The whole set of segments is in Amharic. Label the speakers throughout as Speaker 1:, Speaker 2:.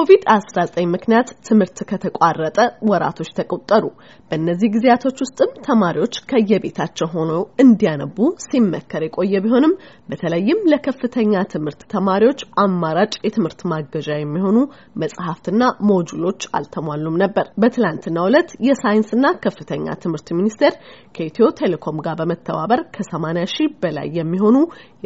Speaker 1: ኮቪድ-19 ምክንያት ትምህርት ከተቋረጠ ወራቶች ተቆጠሩ። በእነዚህ ጊዜያቶች ውስጥም ተማሪዎች ከየቤታቸው ሆነው እንዲያነቡ ሲመከር የቆየ ቢሆንም በተለይም ለከፍተኛ ትምህርት ተማሪዎች አማራጭ የትምህርት ማገዣ የሚሆኑ መጽሐፍትና ሞጁሎች አልተሟሉም ነበር። በትላንትናው ዕለት የሳይንስና ከፍተኛ ትምህርት ሚኒስቴር ከኢትዮ ቴሌኮም ጋር በመተባበር ከ80 ሺህ በላይ የሚሆኑ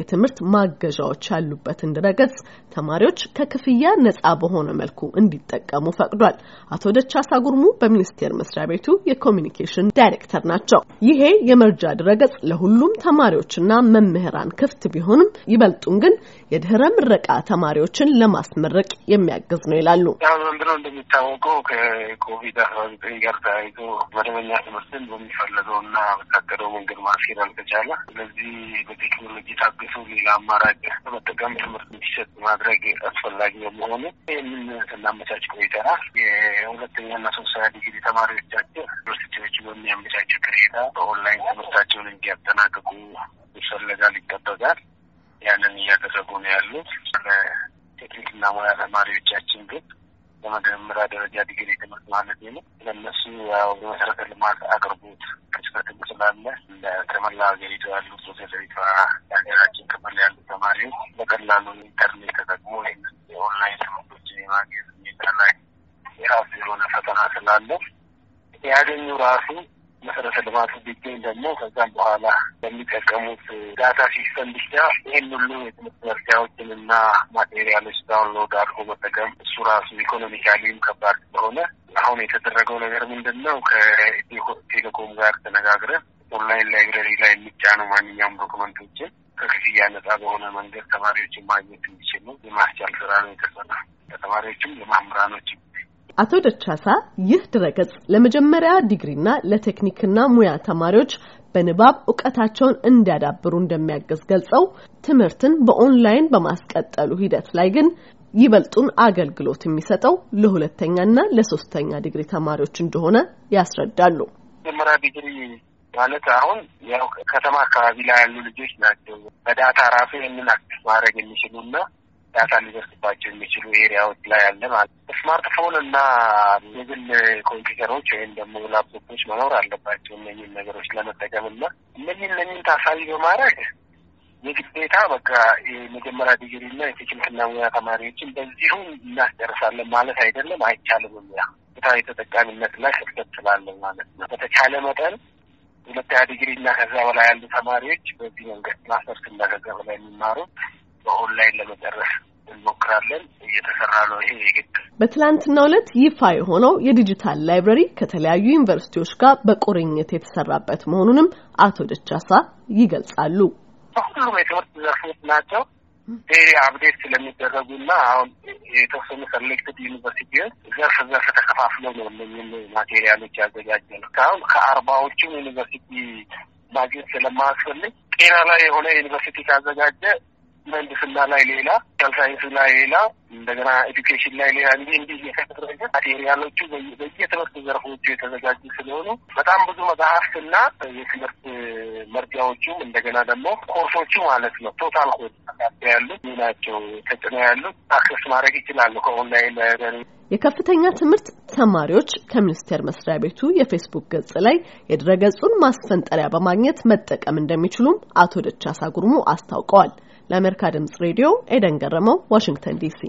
Speaker 1: የትምህርት ማገዣዎች ያሉበትን ድረገጽ ተማሪዎች ከክፍያ ነጻ በሆነ መልኩ እንዲጠቀሙ ፈቅዷል። አቶ ደቻሳ ጉርሙ በሚኒስቴር መስሪያ ቤቱ የኮሚኒኬሽን ዳይሬክተር ናቸው። ይሄ የመርጃ ድረገጽ ለሁሉም ተማሪዎችና መምህራን ክፍት ቢሆንም ይበልጡን ግን የድህረ ምረቃ ተማሪዎችን ለማስመረቅ የሚያግዝ ነው ይላሉ።
Speaker 2: እንደሚታወቀው ከኮቪድ አስራ ዘጠኝ ጋር ተያይዞ መደበኛ ትምህርትን በሚፈለገውና በታቀደው መንገድ ማስኬድ አልተቻለ። ስለዚህ በቴክኖሎጂ ታግሶ ሌላ አማራጭ በመጠቀም ትምህርት እንዲሰጥ ማድረግ አስፈላጊ በመሆኑ ይህንን ስናመቻች ቆይተናል። የሁለተኛና ሶስተኛ ዲግሪ ተማሪዎቻችን ዩኒቨርሲቲዎች በሚያመቻቸው ቅሬታ በኦንላይን ትምህርታቸውን እንዲያጠናቅቁ ይፈለጋል፣ ይጠበቃል። ያንን እያደረጉ ነው ያሉት። ቴክኒክና ሙያ ተማሪዎቻችን ግን በመጀመሪያ ደረጃ ዲግሪ ትምህርት ማለት ነው። ለነሱ ያው የመሰረተ ልማት አቅርቦት ክፍተትም ስላለ ከመላ ሀገሪቱ ያሉ ፕሮፌሰሪቷ የሀገራችን ክፍል ያሉ ተማሪዎች በቀላሉ ኢንተርኔት ተጠቅሞ ወይም የኦንላይን ትምህርት የማግኘት ሁኔታ ላይ የራሱ የሆነ ፈተና ስላለው ያገኙ ራሱ መሰረተ ልማቱ ቢገኝ ደግሞ ከዛም በኋላ በሚጠቀሙት ዳታ ሲስተም ብቻ ይህን ሁሉ የትምህርት መርጃዎችን እና ማቴሪያሎች ዳውንሎድ አድርጎ መጠቀም እሱ ራሱ ኢኮኖሚካሊም ከባድ ስለሆነ አሁን የተደረገው ነገር ምንድን ነው? ከቴሌኮም ጋር ተነጋግረን ኦንላይን ላይብረሪ ላይ የሚጫኑ ማንኛውም ዶክመንቶችን ከክፍያ ነጻ በሆነ መንገድ ተማሪዎችን ማግኘት እንዲችሉ የማስቻል ስራ ነው የተሰራ። ለተማሪዎችም ለመምህራኖችም።
Speaker 1: አቶ ደቻሳ ይህ ድረገጽ ለመጀመሪያ ዲግሪና ለቴክኒክና ሙያ ተማሪዎች በንባብ እውቀታቸውን እንዲያዳብሩ እንደሚያገዝ ገልጸው ትምህርትን በኦንላይን በማስቀጠሉ ሂደት ላይ ግን ይበልጡን አገልግሎት የሚሰጠው ለሁለተኛና ለሶስተኛ ዲግሪ ተማሪዎች እንደሆነ ያስረዳሉ። መጀመሪያ
Speaker 2: ዲግሪ ማለት አሁን ያው ከተማ አካባቢ ላይ ያሉ ልጆች ናቸው። በዳታ ራሱ ይህንን አክስ ማድረግ የሚችሉ ዳታ ሊደርስባቸው የሚችሉ ኤሪያዎች ላይ አለ ማለት ነው። ስማርትፎን እና የግል ኮምፒውተሮች ወይም ደግሞ ላፕቶፖች መኖር አለባቸው እነኝን ነገሮች ለመጠቀም እና እነኝን እነኝን ታሳቢ በማድረግ የግዴታ በቃ የመጀመሪያ ዲግሪ እና የቴክኒክና ሙያ ተማሪዎችን በዚሁ እናስጨርሳለን ማለት አይደለም፣ አይቻልም። ያ ፍትሃዊ የተጠቃሚነት ላይ ክፍተት ስላለን ማለት ነው። በተቻለ መጠን ሁለተኛ ዲግሪ እና ከዛ በላይ ያሉ ተማሪዎች በዚህ መንገድ ማስተርስ እና ከዛ በላይ የሚማሩት በኦንላይን ለመጨረስ እንሞክራለን። እየተሰራ ነው። ይሄ የግድ
Speaker 1: በትላንትናው ዕለት ይፋ የሆነው የዲጂታል ላይብረሪ ከተለያዩ ዩኒቨርሲቲዎች ጋር በቁርኝት የተሰራበት መሆኑንም አቶ ደቻሳ ይገልጻሉ።
Speaker 2: በሁሉም የትምህርት ዘርፎች ናቸው ዴሪ አፕዴት ስለሚደረጉ እና አሁን የተወሰኑ ሰሌክትድ ዩኒቨርሲቲዎች ዘርፍ ዘርፍ ተከፋፍሎ ነው እነኝም ማቴሪያሎች ያዘጋጀ ነው። ከአሁን ከአርባዎቹም ዩኒቨርሲቲ ማግኘት ስለማያስፈልግ ጤና ላይ የሆነ ዩኒቨርሲቲ ካዘጋጀ ምህንድስና ላይ ሌላ፣ ሶሻል ሳይንስ ላይ ሌላ፣ እንደገና ኤዱኬሽን ላይ ሌላ እንዲህ እንዲህ እየተደረገ ማቴሪያሎቹ በየትምህርት ዘርፎቹ የተዘጋጁ ስለሆኑ በጣም ብዙ መጽሐፍትና የትምህርት መርጃዎቹም እንደገና ደግሞ ኮርሶቹ ማለት ነው ቶታል ኮ ያሉት ናቸው ተጭኖ ያሉት አክሰስ ማድረግ ይችላሉ ከኦንላይን
Speaker 1: የከፍተኛ ትምህርት ተማሪዎች ከሚኒስቴር መስሪያ ቤቱ የፌስቡክ ገጽ ላይ የድረገጹን ማስፈንጠሪያ በማግኘት መጠቀም እንደሚችሉም አቶ ደቻሳ ጉርሙ አስታውቀዋል። ለአሜሪካ ድምጽ ሬዲዮ ኤደን ገረመው ዋሽንግተን ዲሲ